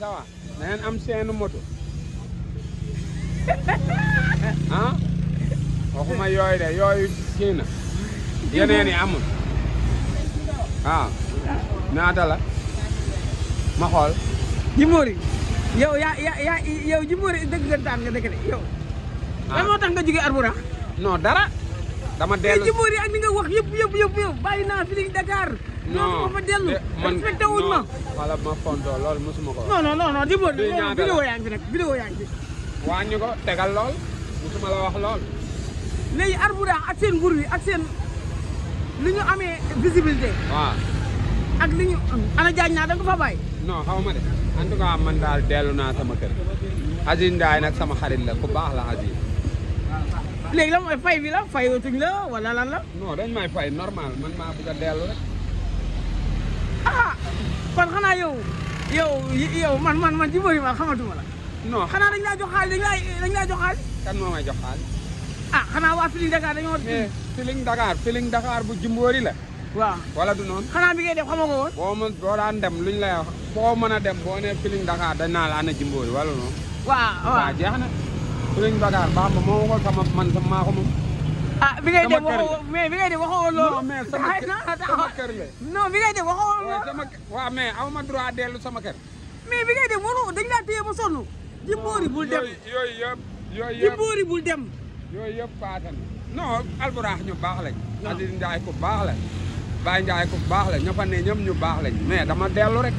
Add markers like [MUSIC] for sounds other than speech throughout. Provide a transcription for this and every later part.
Dawa, na ngeen am seenu moto ah waxuma yooyu de yooyu kii na yeneen yi amul ah naata la ma xool. Jimbory yow yaa yaa ya, yow Jimbory dëggantaan nga dëgg de yow. ah lan moo tax nga jóge Arboura. non dara dama dellu. mais Jimbory ak ni nga wax yëpp yëpp yëpp yëpp bàyyi naa Feeling Dakar. non non ma fa dellu. respecté wuñ ma. wala ma fontoo lool mosuma ko. non non non non di boole loolu vidéo yaa fi rek vidéo yaa ngi fi. wàññi ko tegal lool mosuma la wax lool. léegi Arboura ak seen nguur ak seen li ñu amee visibilité. waaw. ak li ñu ana jaaj naa da fa bàyyi. non xaw de en tout cas man daal dellu naa sama kër. Aziz Ndiaye nag sama xarit la ku baax la Aziz. léegi la mooy fay bi la fayatuñ la wala lan la. non dañ may fay normal man maa bëgg a dellu rek. ah kon xanaa yow yow yow man man man ci bëri ma xamatuma la. non xanaa dañ laa jox xaalis dañ laa jox xaalis. kan moo may jox xaalis. ah xanaa waa Feeling Dakar dañoo. mais Feeling Dakar Feeling Dakar bu jimboori la. waaw wala du noonu. xanaa bi ngay def xamoo ko woon. boo daan dem luñ lay wax boo mën a dem boo ne Feeling Dakar dañ naa la ana jimboori wala noonu. waa waaw waaw jeex na. Feeling Dakar baax na moo ko sama man sama maa ah bi ngay dem waxoo mais bi ngay dem waxoo loolu. mais sama kër la non bi ngay dem waxoo loolu. sama waaw mais awma droit dellu sama kër. mais bi ngay dem waxoo dañu laa téye ba sonn. ji boori bul dem yooyu yëpp yooyu yëpp ji boori bul dem. yooyu yëpp paase na non alburax ñu baax baax la. Baye Ndiaye ku baax la ña fa ne ñoom ñu baax lañ mais dama dellu rek.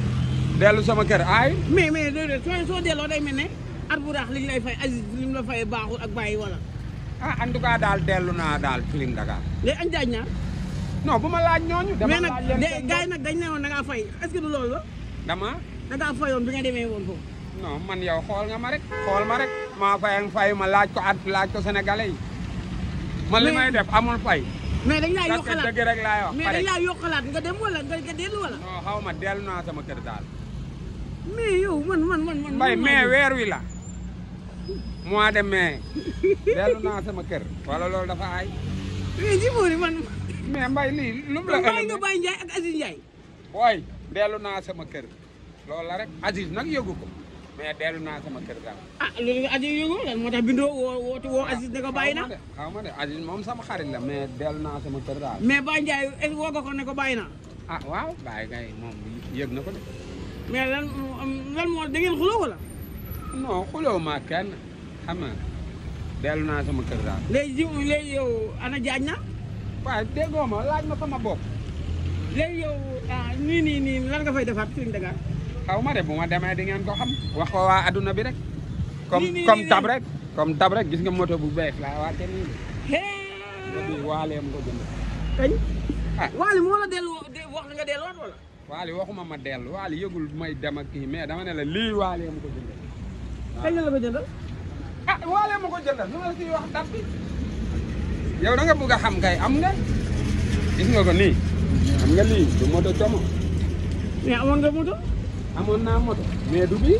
dellu sama kër aay. mais mais déedéet soo soo delloo day mel ne alburax liñ lay fay Aziz li mu la fay baaxul ak Baye wala. a ah, en tout daal dellu naa daal Feeling Dakar. léegi añ jaaj naa. non bu ma laaj ñooñu. dama laaj leen mais nag gars yi nag dañ ne woon da ngaa fay est-ce du loolu dama. da fayoon bi nga demee woon foofu. non man yow xool nga ma rek. xool ma rek maa fay fay ma laaj ko at laaj ko sénégalais yi. man li may def amul fay. mais dañ laa yokkalaat dëgg rek laay wax. mais dañ laa nga dem wala nga dellu wala. non xaw ma dellu naa sama kër daal. mais yow man man man man. mbay mais weer wi la. mois de mai dellu naa sama kër wala lool dafa aay. mais eh, Djibory man. mais mbay lii lu mu la. mbay nga Baye Ndiaye ak Aziz Ndiaye. waay dellu naa sama kër loolu la rek Aziz nag yëgu ko mais delu naa sama kër daal. ah loolu yëgu ko bàyyi na. xaw sama xarit la mais dellu naa sama kër daal. mais Baye Ndiaye woo ko ne ko bàyyi na. ah waaw Baye kay moom yëg na ko de. mais lan lan moo da ngeen xuloo non xuloo ma kenn xam nga naa sama kër daal. léegi jiw léegi yow ana jaaj na. waaw déggoo ma laaj ma fa ma léegi yow ah, nii nii lan nga fay defaat Sëriñ Dakar. xaw ma de bu ma demee di ngeen ko xam. wax ko waa adduna bi rek. comme comme tab rek. comme gis nga moto bu bees laa waa kenn nii. hee. waaleem ko jënd. kañ. Ah. dellu wax nga delluwaat wala. waxuma ma dellu waale yëgul may dem ak kii mais dama ne la lii waaleem ko jënd. kañ la ko jëndal. ah waalee ma jëndal nu la ciy wax date yow da nga bëgg xam kay am nga. gis nga ko nii. am nga lii du moto coomo. mais amoon nga moto. amoon naa moto mais du bii.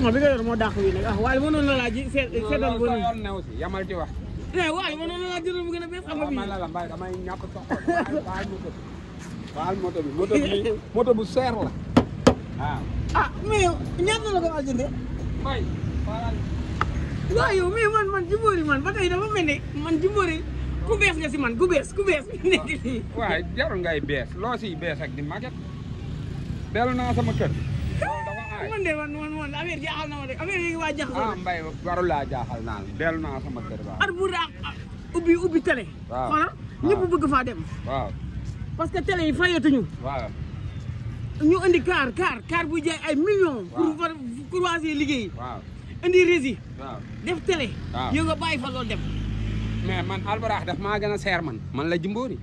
non bi nga yor moo dàq wi nag ah waaye mënoon na laa ji seet seetal ko yamal ci wax. mais eh, waaye mënoon na jëndal mu xam nga bi. ah mais ñaata la ko Baye. waaw yow man man Jimbori man ba tey dafa mel ne man Jimbori ku bees nga si man ku bees ku bees bi [LAUGHS] nekk nii. waaw jarul ngay bees loo bees ak di màgget. dellu naa sama kër. man de man man jaaxal na ma de affaire yi waa jaaxal. Ah, laa jaaxal naa la dellu naa sama kër waaw. at bu raak ubbi ubbi télé. ñëpp bëgg faa dem. parce que télé yi fayatuñu. waaw. ñu indi kaar kaar kaar buy jaay ay millions. pour liggéey. waaw rési. def télé. waaw nga bàyyi fa loolu dem. mais man albarax daf maa seer man. man la jimboori.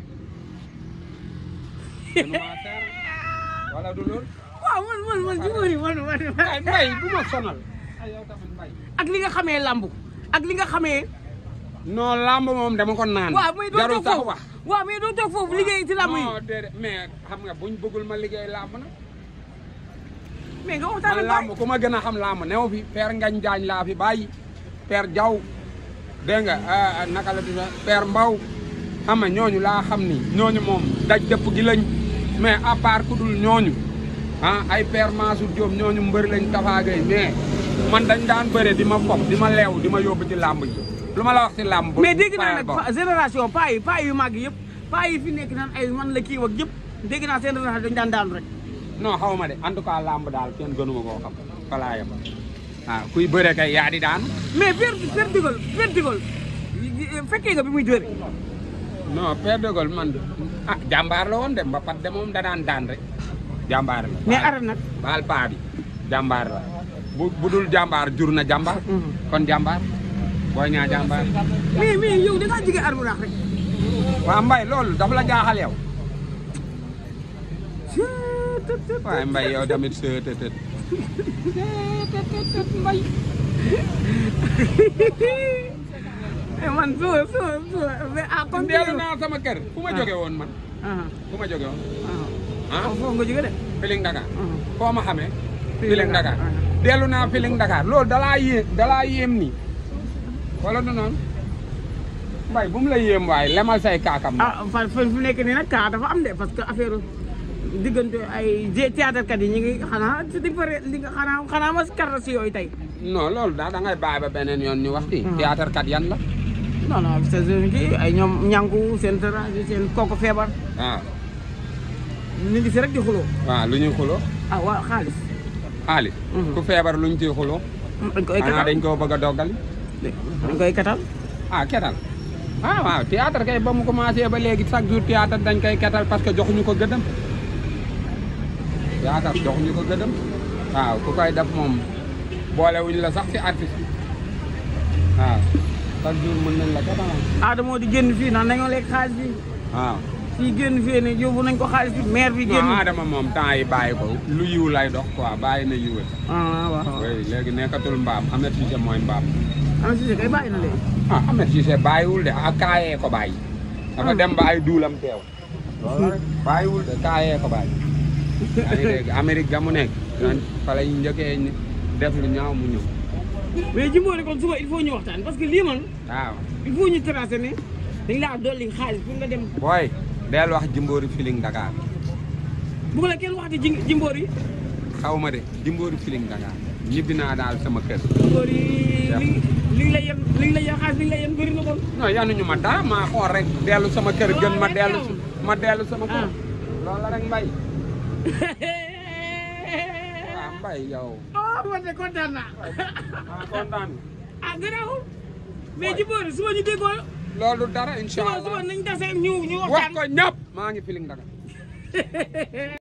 wala du loolu. waaw man man man jimboori bu ma sonal. ak li nga xamee lambu. ak li nga xamee. non lamb moom dama ko naan. waaw muy doon sax wax. waaw mais doo toog foofu liggéey ci làmb yi non déedéet nga buñ bëggul ma liggéey làmb na. mais nga waxtaan ak ku ma gën a xam làmb new fi per Ngañ Jaañ laa fi bàyyi père Jaw dégg nga ah, ah, naka la dina Mbaw xam ñooñu laa xam ni ñooñu moom daj dëpp gi lañ mais à part ku dul ñooñu ah ay père Mansour Diop ñooñu mbëri lañ tafaagay mais man dañ daan bëre di ma fob di ma leew di ma yóbbu ci làmb lu ma la wax ci làmb mais dégg naa nag génération paa yi paa yu mag yëpp paa yi fi nekk naan ay man la kii wax yëpp dégg naa seen génération dañu daan daanu rek non xaw de en tout cas làmb daal kenn gënuma koo xam falaa yem waaw ah, kuy bëre kay yaa di dan? mais per per dugal per dugal fekkee nga bi muy jëri non per dugal man ah jàmbaar la woon de mba pat de moom danaan daan rek jàmbaar la mais ara nag baal paa bi jàmbaar la budul jambar, jur na jàmbaar mm-hmm. kon jambar. Boy Niang jàmbaar. mi mais yow da ngaa kan jege armoire rek. waaw Mbaye loolu dafa la jaaxal yow. waaye Mbaye yow tamit së të të. Mbaye. man su su su ah comme. dellu naa sama kër ah foofu nga jóge de. Feeling Dakar. Ah. foo ma xamee. Eh? Feeling Dakar. dellu naa Feeling Dakar loolu dalaa yéem dalaa wala du noonu. mbay bu mu la yéem waaye lemal say kaakam. ah fan fan fu nekk nii nag kaa dafa am de parce que affaire diggante ay théâtre kat yi ñu ngi xanaa di pare li nga xanaa xanaa ma karta si yooyu tey. non loolu daal da ngay ba beneen yoon ñu wax ci. Ah. kat yan la. non non ay ñoom ñànku seen tara seen kooku feebar. waaw. Ah. ngi si rek di xuloo. waaw lu ñuy xuloo. ah waaw xaalis. xaalis. Mhm. ku feebar lu ñu ciy xuloo. dañ mm, xanaa dañ koo bëgg a doggali. dañ koy ketal ah ketal ah waaw théâtre kay ba mu commencé ba léegi chaque jour théâtre dañ koy ketal parce que joxuñu ko gëddam théâtre joxuñu ko gëddam waaw ku koy def moom boolewuñu la sax si artiste waaw chaque jour mën nañ la ketal Adamo di génn fii naa nañoo lekk xaalis bi waaw fii génn fii ne yóbbu nañ ko xaalis bi maire bi génn Adama moom temps yi bàyyi ko lu yiw lay dox quoi bàyyi na yiwal ah léegi nekkatul mbaam Ahmed Cissé mooy mbaam am si kay bàyyi na ah am na si se bàyyiwul de ah kaayee ko bàyyi. dafa dem ba ay duulam teew. loolu rek bàyyiwul de kaayee ko bàyyi. yaa ngi dégg Amérique ga mu nekk. naan fa la ñu njëkkee def lu ñaaw mu ñëw. mais Jimbo ne kon suba il faut ñu waxtaan parce que lii man. waaw il faut ñu tracer ne dañ laa dolli xaalis pour nga dem. booy del wax Jimboori Feeling Dakar. bu la kenn waxati ji Jimboori. xaw de Jimboori Feeling Dakar ñibbi naa daal sama kër. Jimboori liñ la yen liñ la yen xaalis liñ la yen bëri na kon. non yanuñu ma dara maa xool rek dellu sama kër gën ma dellu ma dellu sama kër. Ah. loolu rek mbay. waaw [LAUGHS] ah, mbay yow. ah man de kontaan naa. [LAUGHS] ah loolu dara incha allah suba maa ngi filim Dakar. [LAUGHS]